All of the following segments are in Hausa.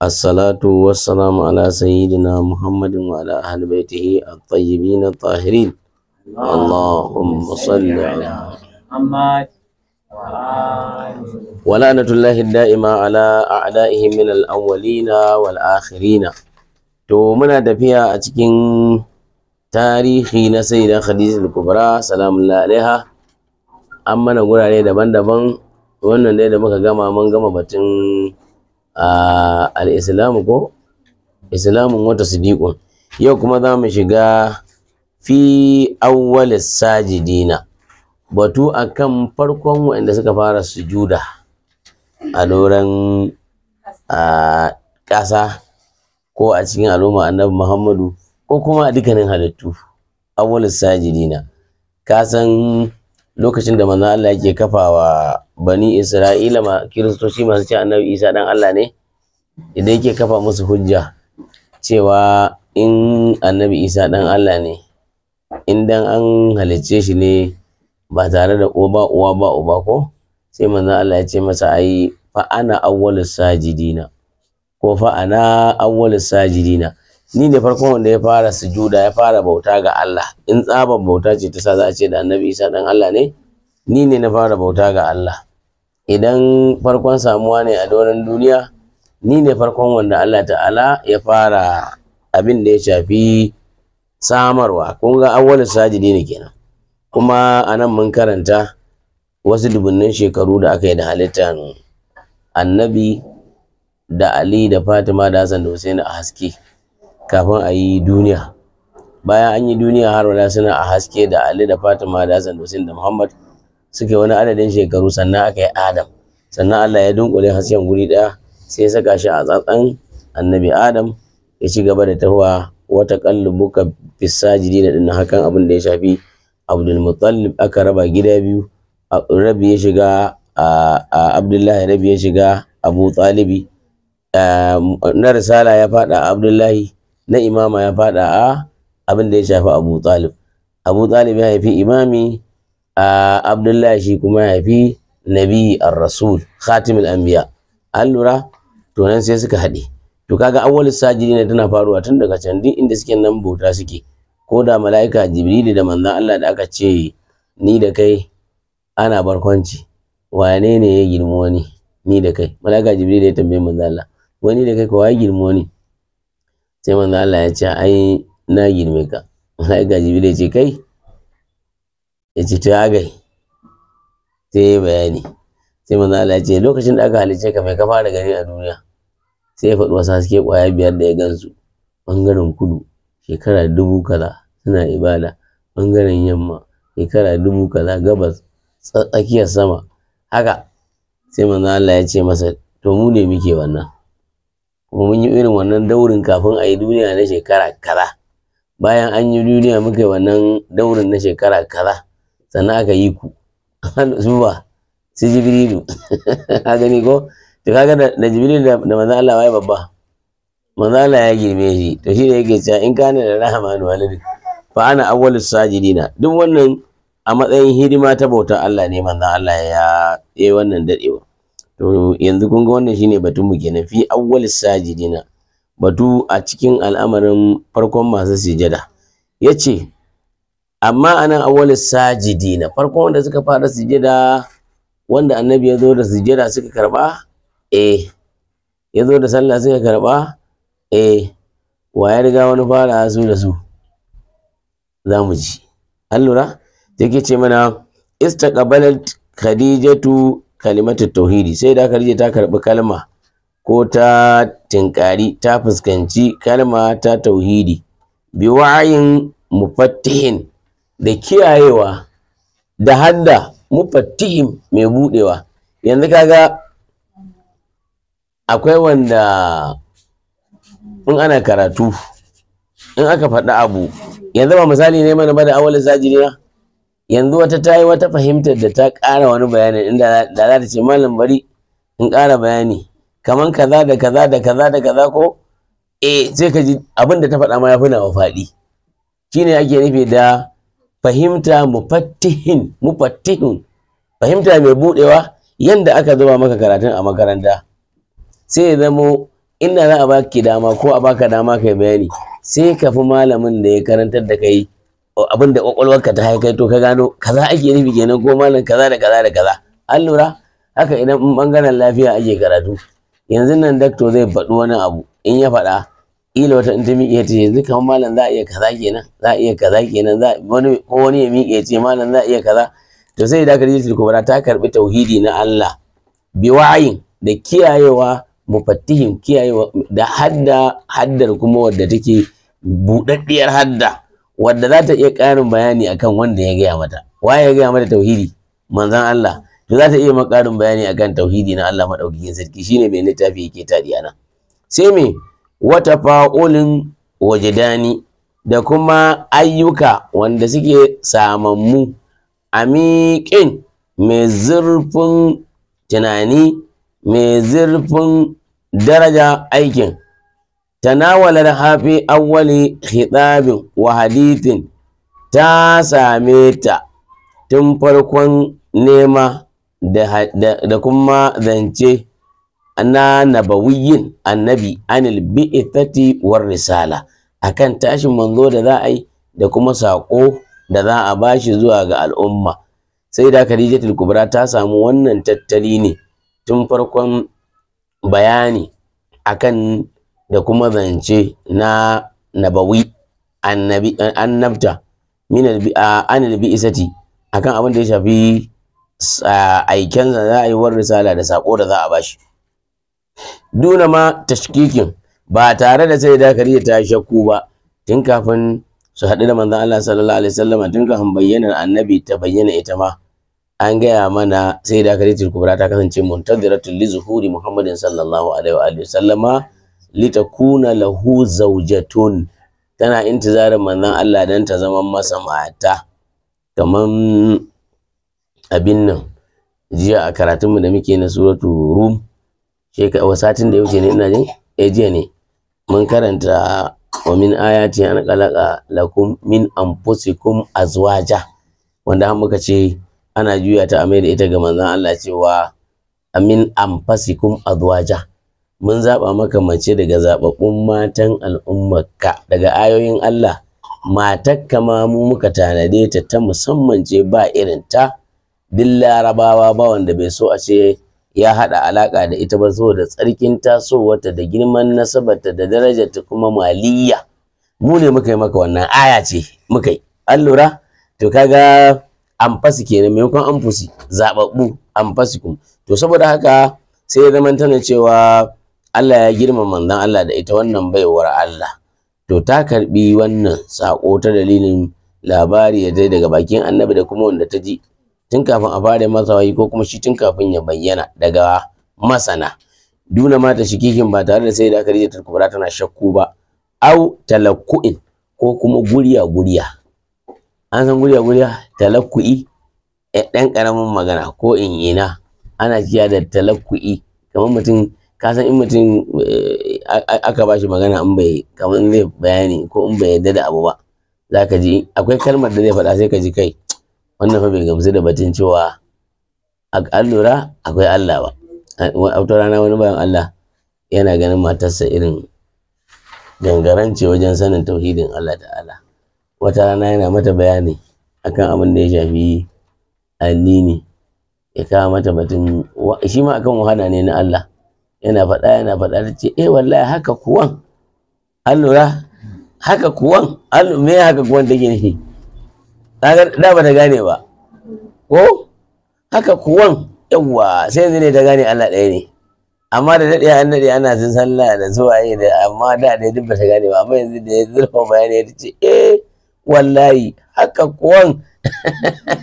Assalatu wassalamu ala sayidina Muhammadin wa ala ahli baitihi at-tayyibin at Allahumma salli ala Muhammad wa ala alihi da'ima ala a'da'ihim min al-awwalina wal akhirina. To muna tafiya a cikin tarihi na sayyida Khadija al-Kubra salamullahi alaiha. An mana gurare daban-daban wannan dai da muka gama mun gama batun Ah, al-islamu ko islamun wata sidiqun yau kuma za mu shiga fi awwal sajidina batu akan farkon waɗanda suka fara sujuda a doron ah, ƙasa ko a cikin al'umma annabi muhammadu ko kuma a dukkanin halittu awwal sajidina ka san lokacin da manzon Allah yake kafa wa bani Isra'ila ma kiristoci masu ce annabi Isa dan Allah ne idan yake kafa musu hujja cewa in annabi Isa dan Allah ne in dan an halicce shi ne ba tare da uba uwa ba uba ko sai manzon Allah ya ce masa ai fa ana awwalus sajidina ko fa ana awwalus sajidina ni ne farkon wanda ya fara sujuda ya fara bauta ga Allah in tsaban bauta ce ta sa za a ce da annabi isa dan Allah ne ni ne na fara bauta ga Allah idan farkon samuwa ne a doron duniya ni ne farkon wanda Allah ta'ala ya fara abin da ya shafi samarwa kun ga awwalin sajidi ne kenan kuma anan mun karanta wasu dubunnan shekaru da aka yi da halittar annabi da ali da fatima da hassan da hussein a haske kafin a yi duniya bayan an yi duniya har wala suna a haske da ali da fatima da hassan da da muhammad suke wani adadin shekaru sannan aka yi adam sannan allah ya dunkule hasken guri daya sai ya saka shi a tsatsan annabi adam ya ci gaba da tahuwa, wata kallubuka fisajidi da dinnan hakan abin da ya shafi abdulmutallib aka raba gida biyu rabi ya shiga a abdullahi rabi ya shiga abu talibi na risala ya fada abdullahi na imama ya faɗa a abin da ya shafi abu talib abu talib ya haifi imami a abdullahi shi kuma ya haifi nabi ar-rasul khatimul anbiya an lura to sai suka haɗe to kaga awwalus sajiri ne tana faruwa tun daga can duk inda suke nan bauta suke ko da mala'ika jibrili da manzon Allah da aka ce ni da kai ana barkwanci wane ne ya girmo ni ni da kai mala'ika jibrili ya tambaye manzon Allah wani da kai ko ya girmo ni sai manzo Allah ya ce ai na girme ka malaika jibril ya ce kai ya ce to ya gai sai ya bayani sai manzo Allah ya ce lokacin da aka halice ka mai ka fara gari a duniya sai ya faɗi wasu haske ƙwaya biyar da ya gansu ɓangaren kudu shekara dubu kaza suna ibada ɓangaren yamma shekara dubu kaza gabas tsakiyar sama haka sai manzo Allah ya ce masa to mu ne muke wannan kuma mun yi irin wannan daurin kafin a yi duniya na shekara kaza bayan an yi duniya muka yi wannan daurin na shekara kaza sannan aka yi ku su ba su jibrilu ka gani ko to kaga da jibrilu da manzo Allah wai babba manzo Allah ya girme shi to shi da yake cewa in kana da rahmanu walid fa ana awwalus sajidina duk wannan a matsayin hidima ta bautar Allah ne manzo Allah ya yi wannan dadewa to yanzu kun ga wannan shine batun mu kenan fi awwal sajidina batu a cikin al'amarin farkon masu sujada yace amma anan awwal sajidina farkon wanda suka fara sujada wanda annabi ya zo da sujada suka karba eh ya zo da sallah suka karba eh wa ya riga wani fara su da su za mu ji an lura take ce mana istaqbalat khadijatu kalimatu tauhidi sai da karje ta karbi kalma ko ta tinkari ta fuskanci kalma ta tauhidi bi wa'ayin mufattihin da kiyayewa da hadda mufattihin mai budewa yanzu kaga akwai wanda in ana karatu in aka faɗi abu yanzu ba misali ne mana ba da awalin sajiriya yanzu wata ta yi wata fahimtar da ta ƙara wani bayani inda da za ta ce malam bari in ƙara bayani kaman kaza da kaza da kaza da kaza ko eh sai ka ji abin da ta faɗa ma ya fi nawa faɗi shine ake nufi da fahimta mufattihin mufattihin fahimta mai buɗewa yanda aka zuba maka karatun a makaranta sai ya zamo inda za a baki dama ko a baka dama kai bayani sai ka fi malamin da ya karantar da kai abin da kwakwalwarka ta haikai to ka gano kaza ake nufi kenan ko malam kaza da kaza da kaza an lura haka idan bangaren lafiya ake karatu yanzu nan dakto zai faɗi wani abu in ya faɗa ila wata in ta miƙe ta yanzu kamar malam za a iya kaza kenan za a iya kaza kenan za wani ko wani ya miƙe ce malam za a iya kaza to sai da karji tilkubara ta karbi tauhidi na Allah biwayin da kiyayewa mufattihin kiyayewa da hadda haddar kuma wadda take buɗaɗɗiyar hadda wadda za ta iya ƙarin bayani akan wanda ya gaya mata waye ya gaya mata tauhidi Manzan Allah to za ta iya maƙarin ƙarin bayani akan tauhidi na Allah madaukakin sarki shine mai littafi yake tadi ana sai me wata fa'ulin wajidani da kuma ayyuka wanda suke samammu miƙin mai zurfin tunani mai zurfin daraja aikin Tanawalar hafi awwali khitabin wa hadithin ta same ta tun farkon nema da kuma zance na nabawiyin annabi anil bi'ithati war risala akan tashin manzo da za a yi da kuma saƙo da za a bashi zuwa ga al'umma sai da Khadijatul Kubra ta samu wannan tattali ne tun farkon bayani akan da kuma zance na nabawi annabta anil bi isati akan abin da ya shafi aiken za a yi war risala da sako da za a bashi duna ma tashkikin ba tare da sai da ta shakku ba tun kafin su haɗu da manzon Allah sallallahu alaihi wasallam tun kafin bayyanar annabi ta bayyana ita ma an gaya mana sai da kariya kubra ta kasance muntaziratul li zuhuri muhammadin sallallahu alaihi wa litakuna lahu zaujatun tana intizarin manzon Allah dan ta zama masa mata kaman abin nan jiya a karatunmu da muke na suratu rum satin da ya wuce ne ina ne? eh jiya ne mun karanta wa min ayati an khalaqa lakum min anfusikum azwaja wanda har muka ce ana juya ta amai da ita ga manzon Allah cewa amin anfasikum azwaja mun zaba maka mace daga zaɓaɓɓun matan al'ummarka daga ayoyin Allah matarka ma mu muka tanade ta ta musamman ce ba irin ta duk larabawa ba wanda bai so a ce ya haɗa alaƙa da ita ba saboda tsarkin tasowarta da girman nasabarta da ta kuma maliyya mu ne muka yi maka wannan aya ce muka yi an lura to kaga amfasi kenan maimakon an zaɓaɓɓu amfasikum to saboda haka sai ya zama tana cewa Allah ya girmama manzon Allah da ita wannan baiwar Allah to ta karbi wannan sako ta dalilin labari ya dai daga bakin annabi da kuma wanda ta ji tun kafin a fara masa wayi ko kuma shi tun kafin ya bayyana daga masana duna ma ta shikikin ba tare da sai da Khadija ta kubra tana shakku ba au talakku'in ko kuma guriya guriya an san guriya guriya talakku'i dan eh, ƙaramin magana ko in ina ana jiya da talakku'i kamar mutum Kasan in mutum eh, aka ba shi magana in bai kamar zai bayani ko in bai yarda da abu ba za ka ji akwai kalmar da zai faɗa sai ka ji kai wannan fa bai gamsu da batun cewa an lura akwai Allah ba a rana wani bayan Allah yana ganin matarsa irin gangarance wajen sanin tauhidin Allah ta'ala wata rana yana mata bayani akan abin da ya shafi addini ya kawo mata batun shi ma akan wahala ne na Allah yana faɗa yana faɗa ta ce eh wallahi haka kuwan an lura haka kuwan an me haka kuwan take nufi da ba ta gane ba ko haka kuwan yawwa sai yanzu ne ta gane Allah ɗaya ne amma da daɗe an daɗe ana sun sallah da zuwa yi da amma da ɗaya duk ba ta gane ba amma yanzu da ya zurfa bayani ya ce eh wallahi haka kuwan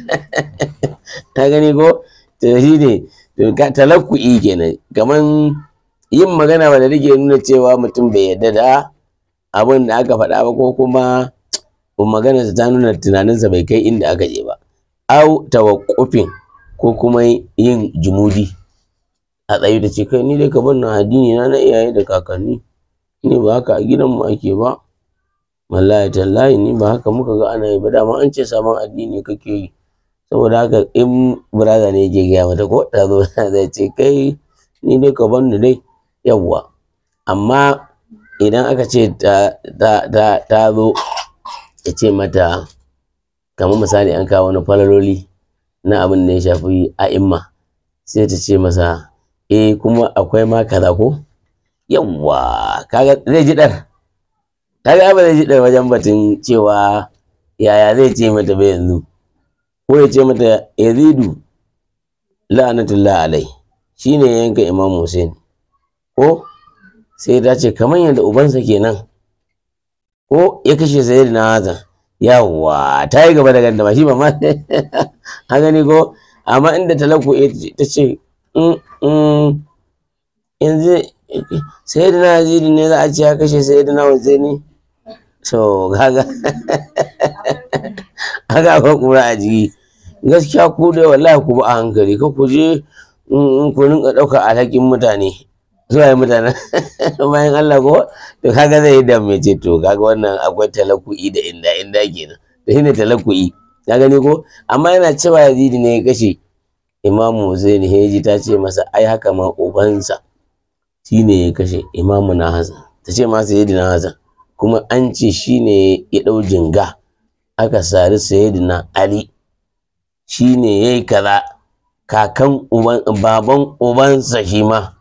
ta gani ko to shi ne talakku'i kenan kaman yin magana ba da rage nuna cewa mutum bai yarda da abin da aka faɗa ba ko kuma magana ta nuna tunaninsa bai kai inda aka je ba au tawakkufin ko kuma yin jumudi a tsaye da ce kai ni dai ka bar na addini na na iyaye da kakanni ni ba haka a gidanmu ake ba wallahi tallahi ni ba haka muka ga ana yi ba dama an ce sabon addini kake yi saboda haka in brother ne yake gaya mata ko ta zo zai ce kai ni dai ka bar ni dai yawwa amma idan aka ce ta zo ya ce mata kamar misali an kawo wani falaloli na abin da ya shafi a'imma sai ta ce masa eh kuma akwai ma kaza ko yawwa kaga zai ji dar kaga ba zai ji dar wajen batun cewa yaya zai ce mata ba yanzu ko ya ce mata yazidu la'anatullah alai shine yanka imam Hussein ko sai ya dace kamar yadda ubansa kenan ko ya kashe sayar na hazan yawwa ta yi gaba da ganda ba, shi ba ma ha gani ko amma inda talaku ta ce mm, mm, yanzu sayar na haziri ne za a ce ya kashe sayar na wanzani so kaga haka akwai kura a jiki gaskiya ku dai wallahi ku ba a hankali ka ku je mm, ku rinka ɗaukar alhakin mutane zuwa mutanen bayan Allah ko to kaga zai da mai ce to kaga wannan akwai talaku'i da inda inda kenan to shine talaku'i ka gani ko amma yana cewa Yazidi ne ya kashe Imamu Zain Heji ta ce masa ai haka ma ubansa shine ya kashe Imamu na ta ce masa Yazidi na kuma an ce shine ya dau jinga aka sari Sayyidina Ali shine yayi kaza kakan baban ubansa shi ma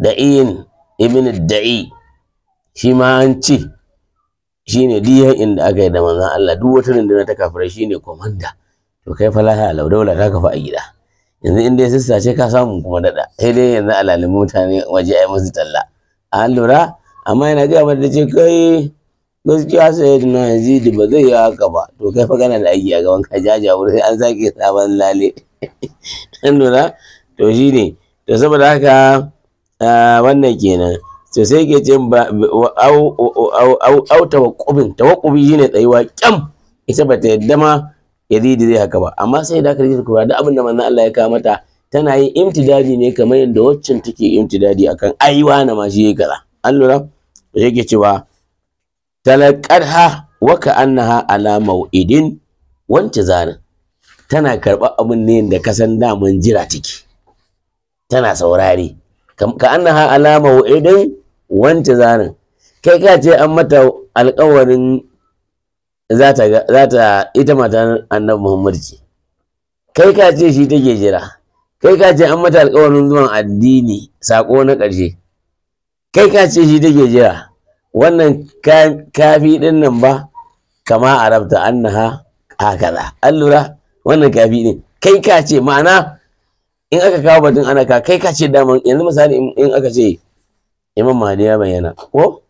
da'in ibn da'i shi ma an ce shi ne diyan inda aka yi da manzan Allah duk wata rundunar ta kafirai shi ne komanda to kai fa lahiya lau daula ta kafa a gida yanzu in dai sista ce ka samu kuma dada sai dai yanzu alalin mutane waje ai musu talla an lura amma yana gaya mata ce kai gaskiya sai na da ba zai yi haka ba to kai fa kana da aiki a gaban ka jajawur sai an sake sabon lale an lura to ne to saboda haka Ah, wannan kenan to sai ke ce au tawakkubin tawakkubi shine tsayuwa kyam ita bata yadda ma yazidi zai haka ba amma sai da rikita ku da abin da manzan Allah ya kawo mata tana yin imtidadi ne kamar yadda waccan take imtidadi akan aiwa na ma shi kaza an lura to ke cewa ha wa annaha ala mau'idin wance zanin tana karɓar abin ne da kasan san daman jira take tana saurari. ka annaha alama wa'idin wanta zanin kai ka ce an mata alƙawarin zata zata ita matan annabi Muhammad ce kai ka ce shi take jira kai ka ce an mata alƙawarin zuwan addini sako na ƙarshe kai ka ce shi take jira wannan kafi ɗin nan ba kama arabta annaha hakaza an lura wannan kafi ɗin kai ka ce ma'ana in aka kawo batun ana ka kai ka ce daman yanzu misali in aka ce imam mahdi ya bayyana ko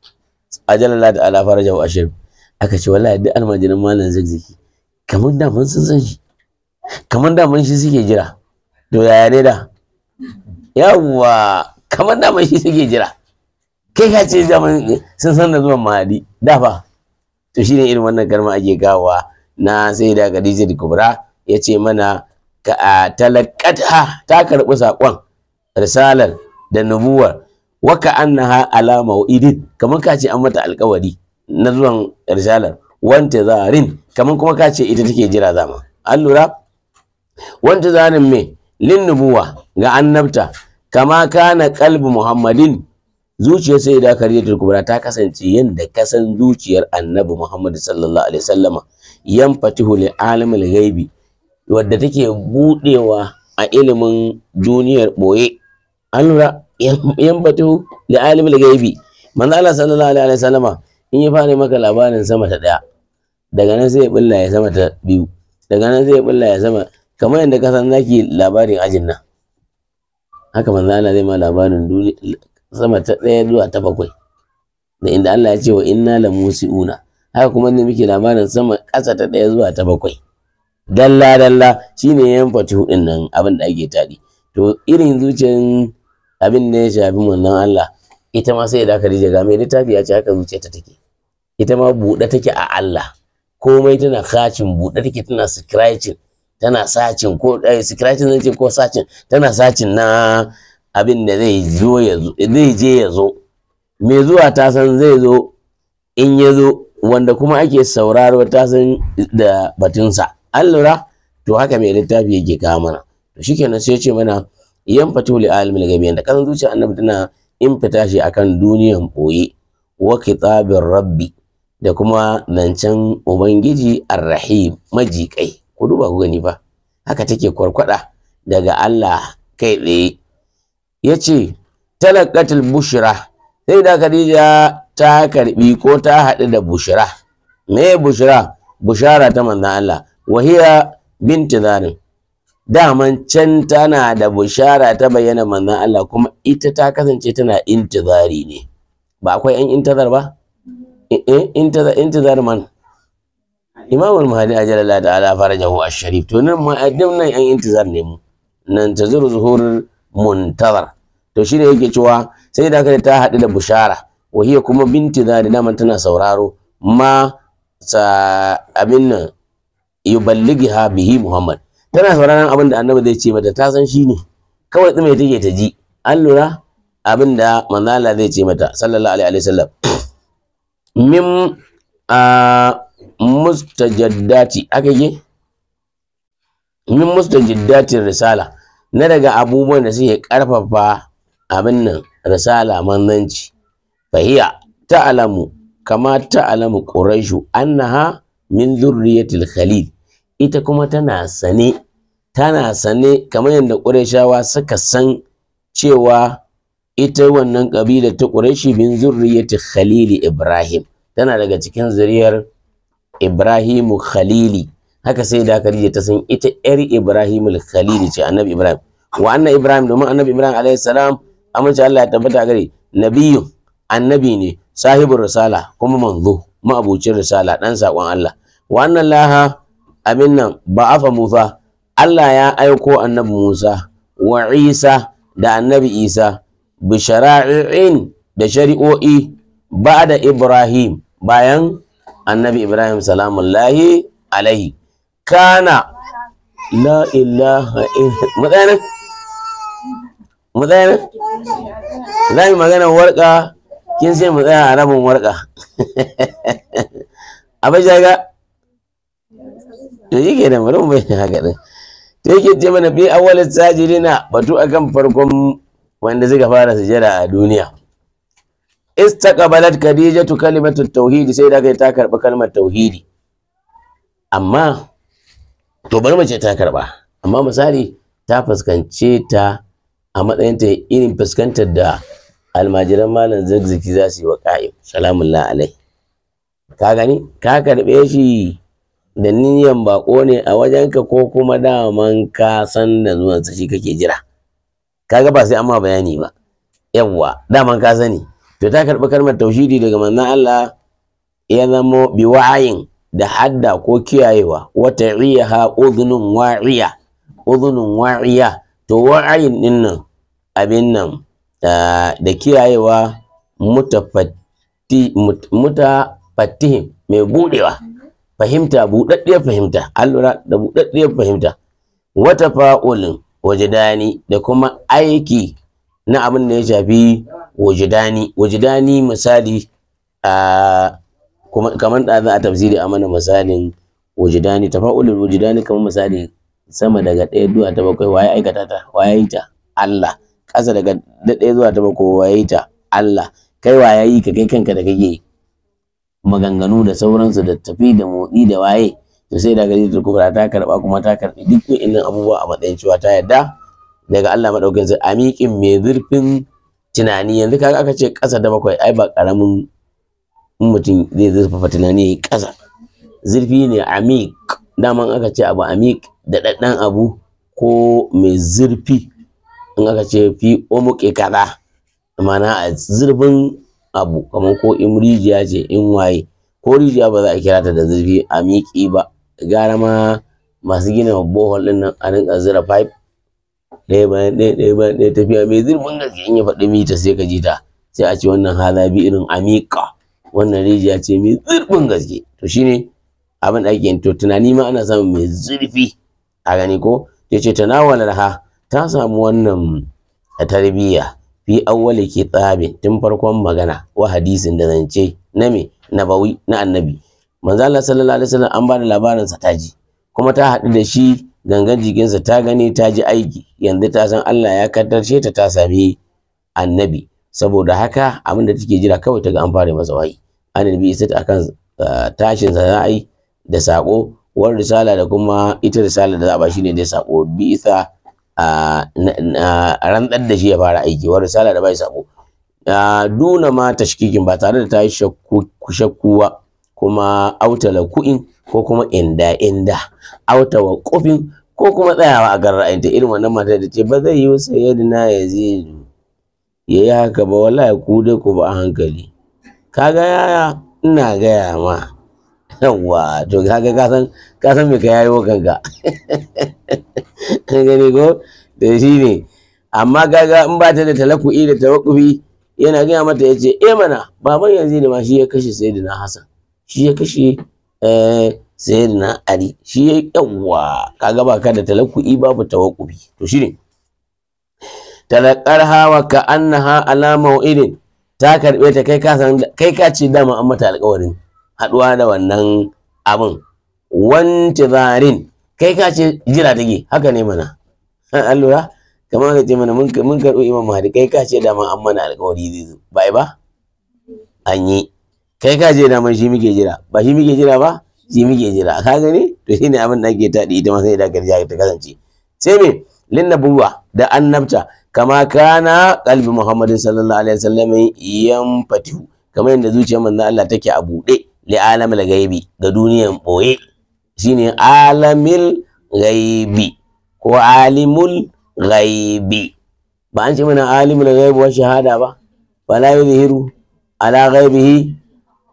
ajalala da ala farajahu ashir aka ce wallahi duk almajirin malam zigzigi kamar daman sun san shi kamar daman shi suke jira to yaya ne da yawwa kamar daman shi suke jira kai ka ce daman sun san da zuwan mahdi da fa to shine irin wannan garma ake gawa na sai da da Kubra ya ce mana talakatha ta karɓi saƙon risalar da nubuwar waka annaha ala mau'idin kamar ka ce an mata alƙawari na zuwan risalar wanta zarin kamar kuma ka ce ita take jira zama an lura wanta zarin me lin nubuwa ga annabta kama kana kalbi muhammadin zuciyar sai da kariyatul kubra ta kasance yanda kasan zuciyar annabi muhammad sallallahu alaihi wasallama yan fatihu lil ghaibi wadda take budewa a ilimin duniyar boye an lura yan batu da alimul gaibi manzo Allah sallallahu alaihi wasallama in ya fara maka labarin sama ta daya daga nan sai ya bulla ya sama ta biyu daga nan sai ya bulla ya sama kamar yadda ka san zaki labarin ajin nan haka manzo Allah zai ma labarin duniya sama ta daya zuwa ta bakwai da inda Allah ya ce wa inna lamusiuna haka kuma ne muke labarin sama ƙasa ta daya zuwa ta bakwai dalla dalla shine yan fati hudin nan abin da ake tadi to irin zuciyan abin da ya shafi wannan Allah ita ma sai da Khadija ga mai littafi ya ce haka zuciyarta take ita ma buɗe take a Allah komai tana kacin buɗe take tana scratching tana sacin ko eh, scratching zan ce ko sacin tana sacin na abin da zai zo ya zo, zai je ya zo me zuwa ta san zai zo in ya zo wanda kuma ake sauraro ta san da batunsa Allura! to haka mai littafi yake kawo mana to shikenan sai ya ce mana yan fatu li gabi da kan zuciya annabi tana in fita shi akan duniyan boye wa kitabir rabbi da kuma zancen ubangiji arrahim maji, ku duba ku gani fa haka take kwarkwada daga Allah kai tsaye yace talaqatul bushra sai da Khadija ta karbi ko ta haɗu da bushra me bushra bushara ta manzon Allah wahiya binti zalim daman can tana da bushara ta bayyana manzan Allah kuma ita ta kasance tana intizari ne ba akwai yan intizar ba eh, eh, intizar intizar man imam al-mahdi ala fara jahu a sharif to nan ma addin nan yan intizar ne mu nan zuru zuhur muntazar to shine yake cewa sai da ta haɗu da bushara wahiya kuma binti zari daman tana sauraro ma sa abin nan yuballighiha bihi Muhammad tana sauraron abin da annabi zai ce mata ta san shi ne kawai tsime take ta ji an lura abin da manzala zai ce mata sallallahu alaihi wasallam min a mustajaddati aka yi min mustajaddati risala na daga abubuwan da suke karfafa abin nan risala manzanci fahiya ta'alamu kama ta'alamu quraishu annaha min zurriyatil khalil ita kuma tana sane tana sane kamar yadda qurayshawa suka san cewa ita wannan ƙabila ta qurayshi min zurriyati Khalil ibrahim tana daga cikin zuriyar ibrahimu khalili haka sai da Khadija ta san ita yar ibrahimul khalili ce annabi ibrahim wa anna ibrahim domin annabi ibrahim alayhi salam amince Allah ya tabbata gare nabiyyu annabi ne sahibur risala kuma manzo ma'abucin risala dan sakon Allah wannan laha abin nan ba'afa fa. Allah ya aiko annabi Musa wa Isa da annabi Isa bi shara'i'in da shari'o'i da Ibrahim bayan annabi Ibrahim salamullahi alaihi kana la ilaha illa mu tsaya za mu magana warka kin sai mu tsaya a rabin warka abin ga to shi ke nan bari mu bayyana haka ɗin ta yake ce mana fi awwalin sajidina batu akan farkon wanda suka fara sujada a duniya Khadija tu kalimatu tauhidi sai da kai ta karba kalmar tauhidi amma to bari mace ta karba amma misali ta fuskance ta a matsayin ta irin fuskantar da almajiran malam zagzaki za su yi wa qa'im salamun alai ka gani ka karbe shi da niyan bako ne a wajenka ko kuma daman ka san da zuwansa shi kake jira kaga ba sai an bayani ba yawwa daman ka sani to ta karɓi kalmar tauhidi daga manzon Allah ya bi wa'ayin da hadda ko kiyayewa wata riyaha udhunun wa'iya udhunun wa'iya to wa'ayin din nan abin nan da kiyayewa mutafatti mutafattihim mai budewa fahimta buɗaɗɗiyar fahimta an lura da buɗaɗɗiyar fahimta wata fa'ulin wajidani da kuma aiki na abin da ya shafi wajidani wajidani misali a kuma kamar da za a tafsiri a mana misalin wajidani tafa'ulul wajidani kamar misali sama daga ɗaya zuwa ta bakwai waye aikata ta waye ta Allah ƙasa daga ɗaya zuwa ta bakwai waye ta Allah kai waye yi ka kai kanka da kake yi maganganu da sauransu da tafi da motsi da waye to sai daga zai kubra ta karba kuma ta karbi duk wa'annan abubuwa a matsayin cewa ta yadda daga Allah madaukakin sai amikin mai zurfin tunani yanzu kaga aka ce ƙasa da bakwai ai ba karamin mutum zai zurfafa tunani yayi kasa zurfi ne amik daman aka ce abu amik da daddan abu ko mai zurfi in aka ce fi umuke kaza ma'ana a zurfin abu kamar ko in rijiya ce in waye ko rijiya ba za a kira ta da zurfi a miƙi ba gara ma masu gina bohol din nan a rinka zira pipe ɗaya bayan ɗaya ɗaya bayan ɗaya tafiya mai zurfin gaske in ya faɗi mita sai ka ji ta sai a ce wannan haza bi irin miƙa wannan rijiya ce mai zurfin gaske to shine abin da ake yin to tunani ma ana samun mai zurfi a gani ko yace tanawalar ha ta samu wannan tarbiyya fi awwali tsabin tun farkon magana wa hadisin da zance na me nabawi na annabi manzo Allah sallallahu alaihi wasallam an bada labarin sa taji kuma ta haɗu da shi gangan jikinsa ta gani ta ji aiki yanzu ta san Allah ya kaddarce ta ta sami annabi saboda haka abin da take jira kawai ta ga an fara masa wayi annabi isa akan tashin sa za'ai da sako war risala da kuma ita risala da za ba shine dai sako bi isa rantsar da shi ya fara aiki wa risala da bai sabo duna ma tashkikin ba tare da ta yi shakkuwa, kuma auta la kuin, ko kuma inda inda auta wa kofin ko kuma tsayawa a kan ra'ayinta irin wannan matar da ce ba zai yi wasu yadda ya zidu ya yi haka ba wala ku dai ku ba a hankali kaga yaya ina gaya ma yawwa to kaga ka san ka san me ka yayo kanka gani ko da shi ne amma kaga in ba ta da talaku'i da tawakkufi yana gaya mata ya ce eh mana baban yanzu ne ma shi ya kashe sayyidina hasan shi ya kashe eh, sayyidina ali shi ya ka kaga ba ka da talaku'i babu tawakkufi to shi ne talakar hawa ka annaha alamau idin ta karbe ta kai ka kai ka ce dama an mata alƙawarin haɗuwa da wannan abin wantizarin kai ka ce jira take haka ne mana allura kamar ka ce mana mun karɓi imam mahadi kai ka ce dama an mana alƙawari zai zo ba ba an yi kai ka ce dama shi muke jira ba shi muke jira ba shi muke jira ka gani to shine abin da ake taɗi ita ma sai da karja ta kasance sai me linnabuwa da annabta kama kana kalbi muhammadin sallallahu alaihi wasallam yan fatihu kamar yadda zuciyar manzo Allah take a buɗe li alamil gaibi ga duniyan boye shine alamil gaibi ko alimul gaibi ba an ce mana alimul gaibi wa shahada ba fala yuzhiru ala ghaibihi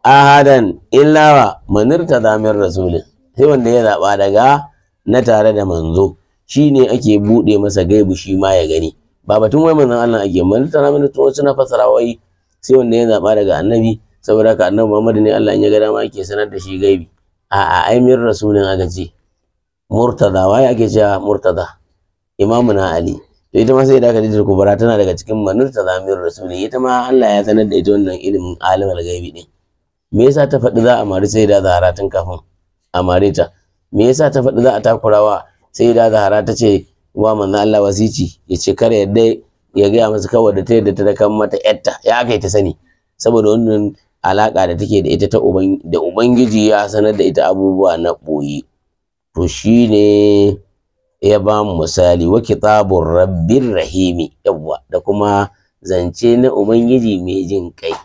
ahadan illa wa manirta damir rasulin sai wanda ya zaba daga na tare da manzo shine ake bude masa gaibi shi ma ya gani ba batun wai manzon Allah ake manirta na manirta suna na fasara wai sai wanda ya zaba daga annabi saboda haka annabi Muhammad ne Allah in ya ga dama yake sanar da shi gaibi a'a ai mir rasulin aka ce murtada wai ake ce murtada imamu na ali to ita ma sai da ji Kubra tana daga cikin manurta zamir rasuli ita ma Allah ya sanar da ita wannan ilimin alimul gaibi din me yasa ta faɗi za a mari sai da zahara tun kafin a mare ta me yasa ta faɗi za a takurawa sai da Zahra ta ce wa manzo Allah wasici ya ce kar yadda ya gaya masa kawai da ta yadda ta kan mata yarta ya aka yi ta sani saboda wannan alaƙa da take da ita ta da ubangiji ya sanar da ita abubuwa na ɓoye to shine ya ba mu misali wa kitabun rabbin rahimi yawwa da kuma zance na ubangiji mai jin kai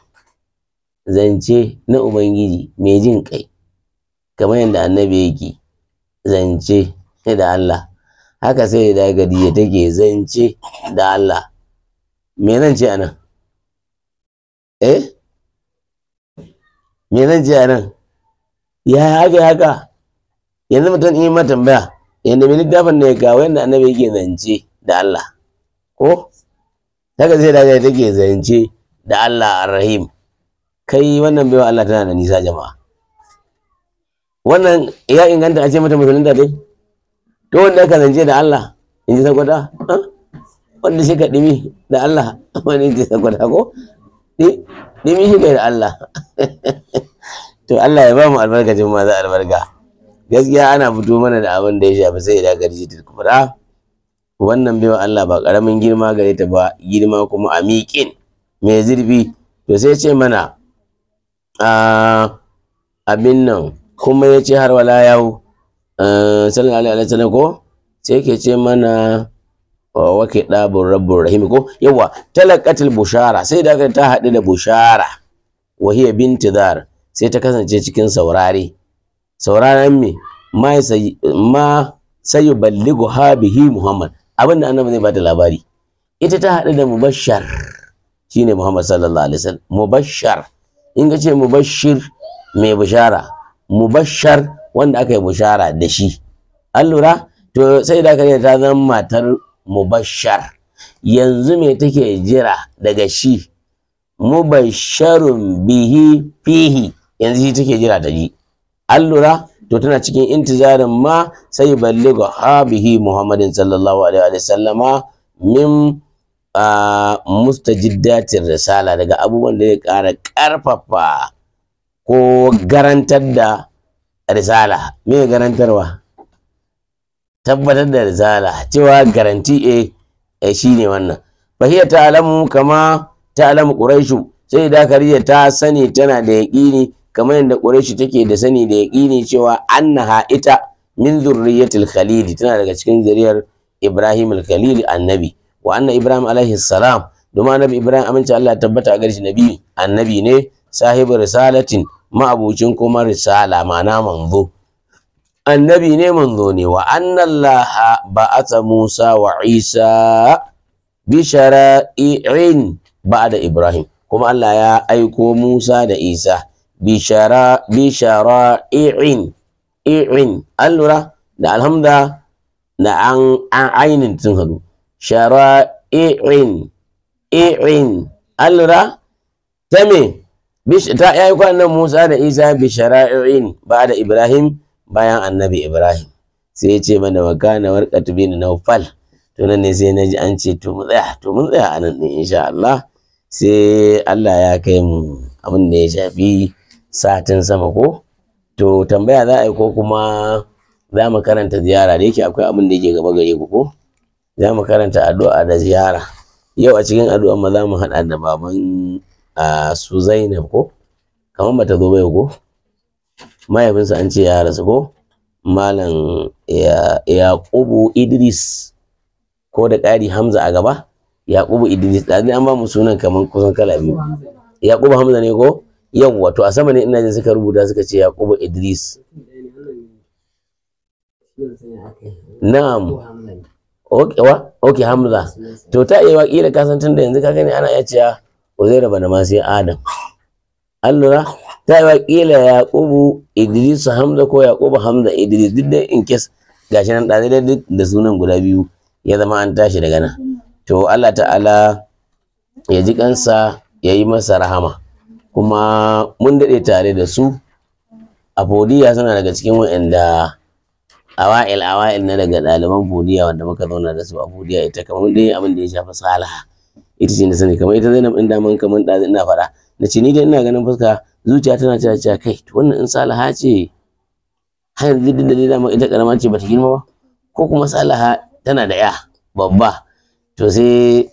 zance na ubangiji mai jin kai kamar yadda annabi yake zance da Allah haka sai da gadiya take zance da Allah me zan a anan eh me zan ji a nan ya haka haka yanzu mutum in yi ma tambaya yanda mai littafin ne ga wanda annabi yake zance da Allah ko daga zai daga take zance da Allah al-Rahim? kai wannan baiwa Allah tana da nisa jama'a wannan ya inganta a ce mata musulunta dai to wanda ka zance da Allah in ji sakwata wanda shi ka ɗimi da Allah wani in ji sakwata ko eh? Ni mi shi da Allah. To Allah ya ba mu albarkacin za albarka. Gaskiya ana fito mana da abin da ya shafi sai da garji da kubra. Wannan baiwa Allah ba karamin girma gare ta ba, girma kuma a mai zurfi. To sai ce mana ah, abin nan kuma ya ce har wala yau eh, sallallahu alaihi wasallam ko sai ke ce mana Oh, wake ɗabin rabbin rahim ko yawa talaqatil bushara sai da ta haɗu da bushara wa hiya bintidar sai ta kasance cikin saurare sauraren me ma sai ma sai ha bihi muhammad abin da annabi zai bada labari ita ta haɗu da mubashshar shine muhammad sallallahu alaihi wasallam mubashshar in ka ce mubashir mai bushara Mubashar wanda aka yi bushara da shi an lura to sai da ta zama matar Mubashar. yanzu me take jira daga shi mubasharun bihi fihi yanzu shi take jira da ji Allura, to tana cikin intizarin ma sai balliga ha bihi muhammadin sallallahu alaihi wa sallama min mustajiddatin risala daga abubuwan da ya ƙara ƙarfafa ko garantar da risala me garantarwa tabbatar da risala cewa garanti a eh, eh, shi ne wannan fahiyar ta alamu kama ta alamu ƙuraishu sai da kariya ta sani tana da yaƙini kamar yadda ƙuraishu take da sani da yaƙini cewa annaha ita min zurriyatil khalili tana daga cikin zuriyar ibrahim al annabi wa anna ibrahim alaihi salam domin annabi ibrahim aminci allah tabbata a garshi nabi annabi ne sahibu risalatin ma'abucin kuma risala ma'ana manzo annabi ne zo ne wa annallaha ta Musa wa Isa bi ba da Ibrahim kuma Allah ya aiko Musa da Isa bi shara'i'in i'in allura da alhamda na an ainihin tun hadu shara'i'in i'in allura ta me ta aiko Musa da Isa bi ba da Ibrahim bayan annabi ibrahim sai ya ce mana waka na warqat bin nawfal to nan ne sai na ji an ce to mu tsaya to mun tsaya a nan din insha Allah sai Allah ya kai mu abin da ya shafi satin sama ko to tambaya za a yi ko kuma za mu karanta ziyara da yake akwai abin da yake gaba gare ku ko za mu karanta addu'a da ziyara yau a cikin addu'a ma za mu haɗa da baban ah, su Zainab ko kamar bata zo bai ko mahaifinsa an ce ya rasu ko malam yaqubu idris ko da ƙari hamza a gaba yaqubu idris da an ba mu sunan kaman kusan kala biyu yaqubu hamza ne ko yawwa to a sama ne ina jin suka rubuta suka ce yaqubu idris na'am okay wa okay hamza to ta iya waƙi da kasantin da yanzu ka gani ana iya cewa uzairu bana ma sai adam allura ta yi wakila yaqubu idris hamza ko yaqubu hamza idris duk dai in kes gashi nan ɗazi dai da sunan guda biyu ya zama an tashi daga nan to allah ta'ala ya ji kansa ya yi masa rahama kuma mun daɗe tare da su a fodiya suna daga cikin waɗanda awa'il awa'il na daga ɗaliban fodiya wanda muka zauna da su a fodiya ita kamar dai abin da ya shafi salaha ita ce na sani kamar ita zainab ɗin daman kamar ɗazi ina faɗa na ce ni dai ina ganin fuska zuciya tana cewa cewa kai to wannan in salaha ce har yanzu da dama ita karama ce bata girma ba ko kuma salaha tana da ya babba to sai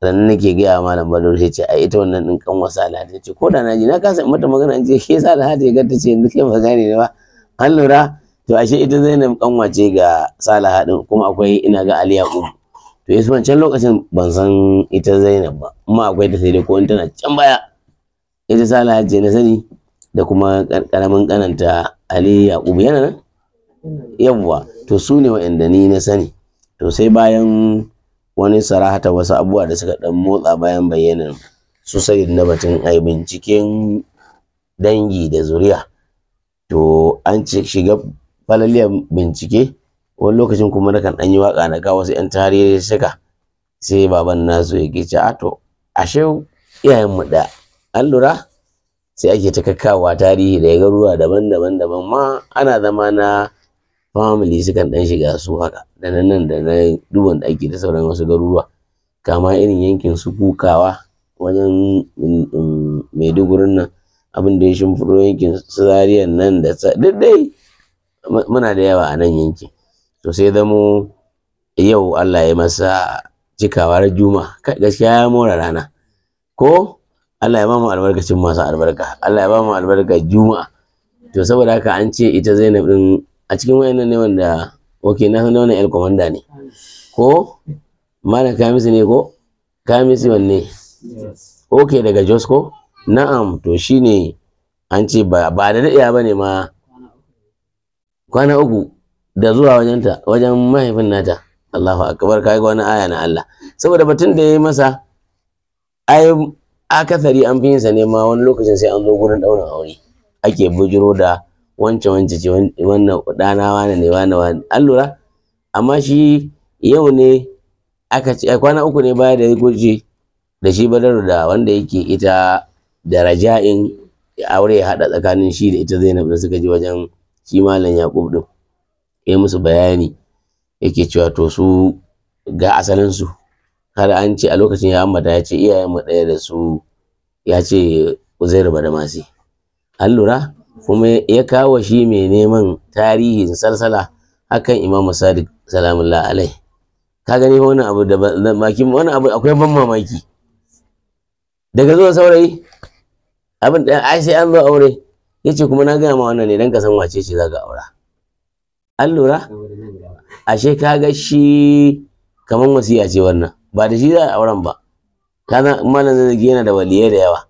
ranar nake gaya wa malam balor sai ce ai ita wannan din kan wasa alhaji ce ko da na ji na kasa mata magana in ce ke salaha ta ga ta ce yanzu kai ba gane ne ba an lura to ashe ita Zainab ce ga Salaha din kuma akwai ina ga Ali Yaqub to yasu wancan lokacin ban san ita Zainab ba amma akwai ta sai dai ko tana can baya ita sala hajji na sani da kuma karamin kananta ali yaqub yana nan yawwa to su ne wa'anda ni na sani to sai bayan wani sarahata wasu abubuwa da suka dan motsa bayan bayyanar su sai na batun ai binciken dangi da zuriya to an shiga falaliyar bincike wani lokacin kuma nakan dan yi waka na ga wasu yan tarihi suka sai baban nasu ya ce a to ashe iyayen mu da an lura sai ake ta kakkawa tarihi da garuruwa daban-daban daban ma ana zama na family sukan ɗan shiga su haka da nan nan da na duban da ake da sauran wasu garuruwa kama irin yankin su kukawa wajen mm, mm, maidugurin nan abin da ya shimfiɗo yankin su zariyan nan da duk dai muna da yawa a nan yankin to sai zamo yau Allah ya masa cikawar juma gaskiya ya more rana ko Allah ya ba mu albarkacin masu albarka Allah ya ba mu albarka juma'a to saboda haka an ce ita Zainab din a cikin wayannan ne wanda okay na san wannan el commander ne ko malam kamisi ne ko kamisi wanne okay daga Jos ko na'am to shine an ce ba ba da ba ne ma kwana uku da zuwa wajenta wajen mahaifin nata Allahu akbar kai ga wani aya na Allah saboda batun da yayi masa ai akasari an fi yin sa nema wani lokacin sai an zo gurin daurin aure ake bujiro da wance wance ce wannan dana wane ne wane wane an lura amma shi yau ne aka ce kwana uku ne baya da ya gurje da shi badaru da wanda yake ita daraja'in in aure ya haɗa tsakanin shi da ita zainab da suka je wajen shi malam yakub ɗin ya musu bayani yake cewa to su ga asalinsu kada an ce a lokacin ya ambata ya ce iyayenmu ɗaya da su ya ce uzairu masi an lura kuma ya kawo shi mai neman tarihin salsala akan imam sadiq salamullah alai ka gani wani abu da maki wani abu akwai ban mamaki daga zuwa saurayi abin da ai sai an zo aure yace kuma na gaya ma wannan ne dan ka san wace za zaka aura an lura ashe kaga shi kamar wasiya ce wannan ba da shi za a auren ba kaza malam zai yana da waliyai da yawa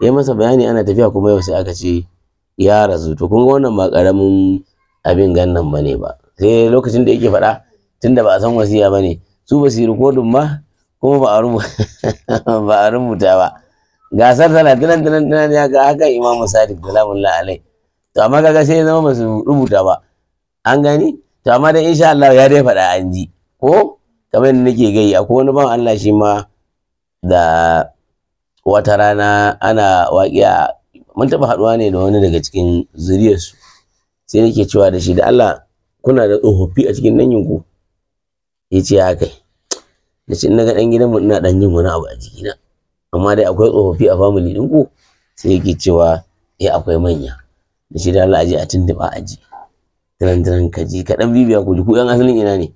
ya masa bayani ana tafiya kuma yau sai aka ce ya rasu to kun wannan ba karamin abin gannan ba ne ba sai lokacin da yake faɗa da ba a san wasiya ba ne su ba su yi rikodin kuma ba a rubuta ba gasar tana tunan tunan tunan ya ga haka imamu sadiq salamullah alai to amma kaga sai ya zama ba su rubuta ba an gani to amma dai insha Allah ya dai faɗa an ji ko kamar yadda nake gai akwai wani ban Allah shi ma da wata rana ana waƙiya mun taɓa haɗuwa ne da wani daga cikin zuriyarsu sai nake cewa da shi da Allah kuna da tsofaffi a cikin ɗanyinku ya ce ya kai da shi na ga ɗan gidanmu ina ɗan yin wani abu a jikina amma dai akwai tsofaffi a famili ɗinku sai yake cewa ya eh, akwai manya da shi da Allah aje a tuntuɓa aji tunan tunan kaji kaɗan bibiya ku ku ɗan asalin ina ne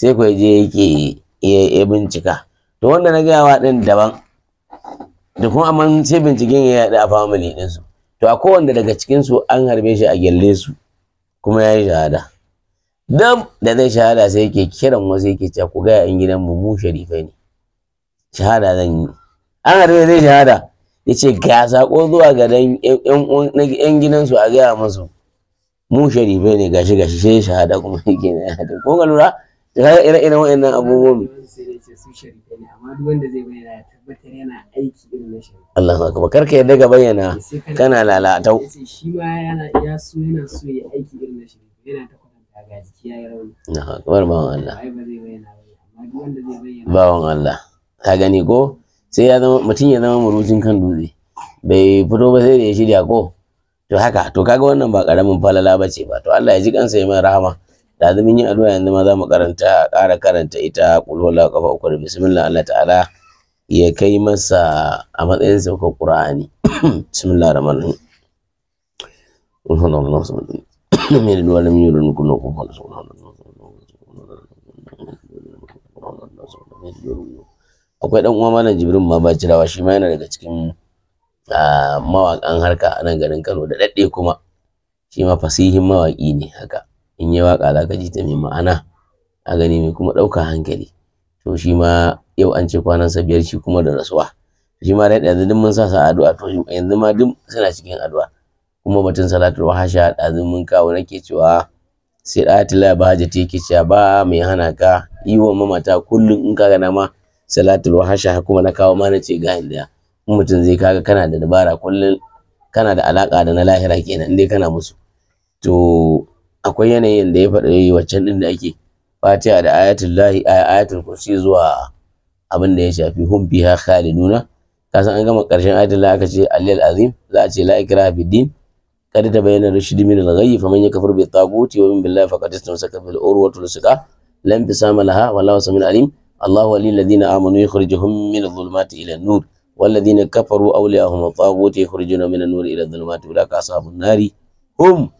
sai ku je yake ya bincika to wanda na gaya wa din daban da kuma amma sai binciken ya yaɗu a family ɗinsu to a kowanne daga cikinsu an harbe shi a gyalle su kuma ya yi shahada dam da zai shahada sai yake kiran wasu yake cewa ku gaya in gidan mu mu sharifai ne shahada zan yi an harbe zai shahada ya ce ga sako zuwa ga yan gidansu a gaya musu mu sharifai ne gashi gashi sai shahada kuma yake na ko ka lura ga ire-iren wa'annan abubuwan Allah ya kuma karka yadda ka bayyana kana lalatau shi ma yana ya so yana so ya aiki irin na shi yana ta kwatanta ga jiki yayi rauni na bawan Allah bawan Allah ka gani ko sai ya zama mutum ya zama murucin kan dutse bai fito ba sai da ya shirya ko to haka to kaga wannan ba karamin falala ce ba to Allah ya ji kansa ya mai rahama da yi yi addu'a yanzu ma za mu karanta ƙara karanta ita kulwala kafa uku da bismillah Allah ta'ala ya kai masa a matsayin sauka qur'ani bismillah rahman akwai dan uwa malam jibrin ma ba jirawa shi ma yana daga cikin mawakan harka a nan garin Kano da daɗe kuma shi ma fasihin mawaki ne haka in yi waka za ka ji ta mai ma'ana a gani mai kuma ɗauka hankali to shi ma yau an ce kwanan sa biyar shi kuma da rasuwa shi ma dai yanzu duk mun sa sa addu'a to yanzu ma duk suna cikin addu'a kuma batun salatul wahasha azumin mun kawo nake cewa sai ɗatila ba ta yake cewa ba mai hana ka yi wa mamata kullum in ka gana ma salatul wahasha kuma na kawo ma na ce ga inda in mutum zai kaga kana da dabara kullum kana da alaka da na lahira kenan dai kana musu to akwai yanayin da ya faɗi waccan din da ake fatiha da ayatul lahi ayatul kursi zuwa abin da ya shafi hum biha khaliduna kasan an gama karshen ayatul lahi aka ce alil azim za a ce la ikraha fid din kad tabayyana rushd min al-ghayy faman yakfur bi taghuti wa min billahi faqad istamsaka bil urwatil wuthqa lam bisama laha wallahu samil alim الله ولي الذين آمنوا يخرجهم من الظلمات إلى النور والذين كفروا أولياءهم الطاغوت يخرجون من النور إلى الظلمات أولئك أصحاب النار هم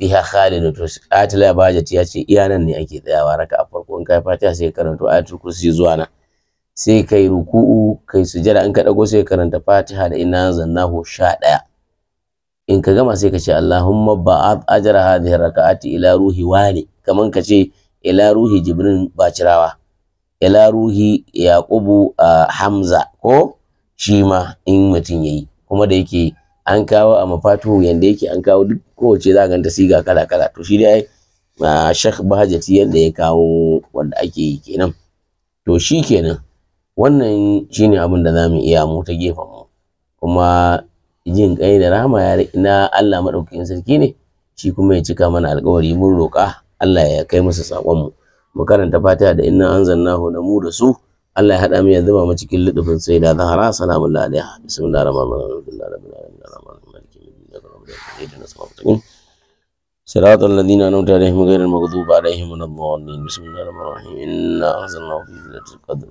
biha khalid to atila ya ce iya nan ne ake tsayawa raka a farko in kai fatiha sai karanto ayatul kursi zuwa nan sai kai ruku'u kai sujada in ka dago sai karanta fatiha da inna zannahu sha ɗaya. in ka gama sai ka ce allahumma ba'ath ajra hadhihi raka'ati ila ruhi wani kaman ka ce ila ruhi jibrin bacirawa ila ruhi yaqubu ah, hamza ko Shima, ma in mutun yayi kuma da yake an kawo a mafatuhu yanda yake an kawo duk kowace za ganta siga kala kala to shi dai a shak bahajati yanda ya kawo wanda ake yi kenan to shi kenan wannan shine abin da zamu iya mu ta gefen mu kuma jin kai da rahama ya na Allah madaukakin sarki ne shi kuma ya cika mana alƙawari mun roƙa Allah ya kai masa sakon mu mu karanta fatiha da inna anzalnahu da mu da su الله هذا مي هذا ما مشكلة دفن سيد هذا هراء سلام الله عليه بسم الله الرحمن الرحيم بسم الله الرحمن الرحيم بسم الله الرحمن الرحيم بسم الله الرحمن الرحيم بسم الله الرحمن الرحيم بسم الله الرحمن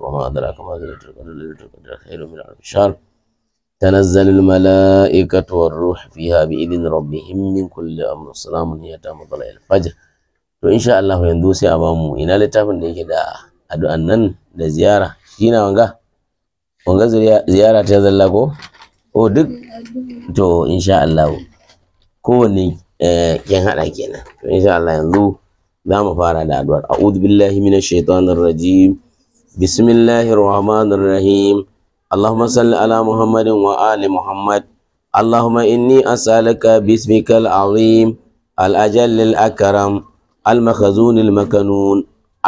الرحيم بسم الله الرحمن الرحيم بسم الله الرحمن الرحيم بسم الله الرحمن الرحيم بسم الله الرحمن الرحيم بسم الله الرحمن الرحيم بسم الله الرحمن الرحيم بسم الله الرحمن الرحيم بسم الله الرحمن الرحيم بسم الله الرحمن الرحيم بسم الله الرحمن الرحيم تنزل الملائكة والروح فيها بإذن ربهم من كل أمر السلام هي تام طلع الفجر وإن شاء الله يندوسي أبامو إن لتفن نجدا أدو أنن da ziyara shi na wanga wanga ziyara ta zalla ko ko oh, duk to insha Allah kowanne eh, kin hada kenan to insha Allah yanzu za mu fara da addu'ar a'udhu billahi minash shaitanir rajim bismillahir rahmanir rahim اللهم صل على محمد وآل محمد اللهم إني أسألك باسمك العظيم الأجل الأكرم المخزون المكنون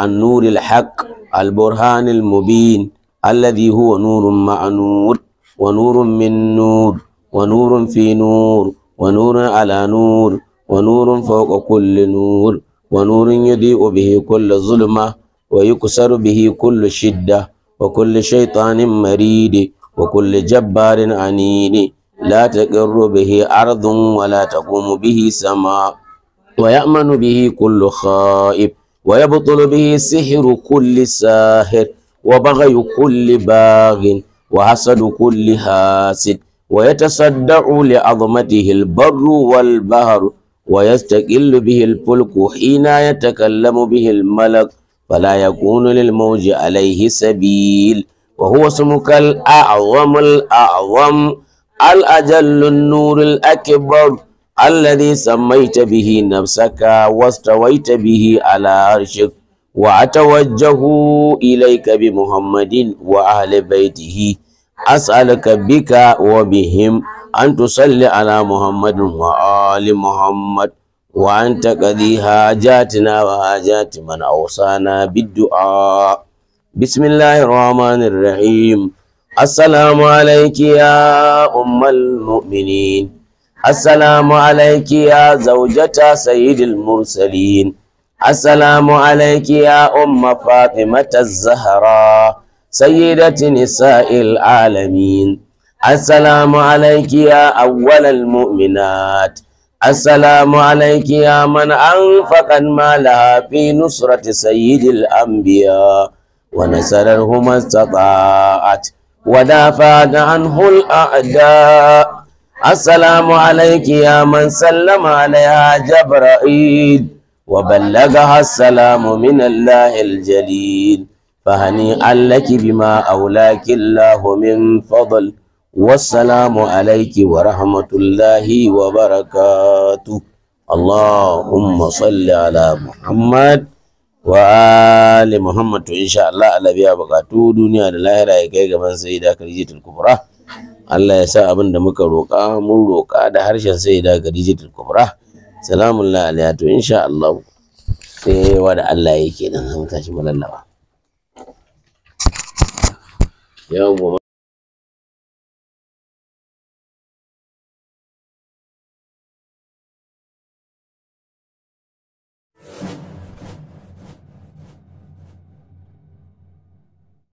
النور الحق البرهان المبين الذي هو نور مع نور ونور من نور ونور في نور ونور على نور ونور فوق كل نور ونور يضيء به كل ظلمة ويكسر به كل شدة وكل شيطان مريد وكل جبار عنيد لا تقر به أرض ولا تقوم به سماء ويأمن به كل خائب ويبطل به سحر كل ساحر وبغي كل باغ وحسد كل حاسد ويتصدع لعظمته البر والبهر ويستقل به الفلك حين يتكلم به الملك فلا يكون للموج عليه سبيل وهو اسمك الأعظم الأعظم الأجل النور الأكبر alladhi samaita bihi nafsaka wastawaita bihi ala arshik wa atawajjahu ilayka bi muhammadin wa ahli baitihi as'aluka bika wa bihim an tusalli ala muhammadin wa ali muhammad wa an taqdi hajatina wa hajati man awsana biddu'a bismillahir rahmanir rahim assalamu alayki ya ummul assalamu alaiki zaujata sayyidil mursalin assalamu alaiki ya umma fatimata zahara sayyidati nisa'il alamin assalamu alaiki ya awwalal mu'minat assalamu alaiki ya man anfaqa malaha fi nusrati sayyidil anbiya wa nasarahu mastata'at wa dafa'a anhu al a'da' السلام عليك يا من سلم عليها جبرائيل وبلغها السلام من الله الجليل فهنيئا لك بما أولاك الله من فضل والسلام عليك ورحمة الله وبركاته اللهم صل على محمد وآل محمد إن شاء الله على بيا بقاتو دنيا لله رأيك كمان سيدة كريجة الكبرى Allah ya sa abin da muka roƙa mun roƙa da harshen sai da digital Kubra salamun la alaiha to insha Allah sai wa da Allah yake nan mutashi tashi malallaba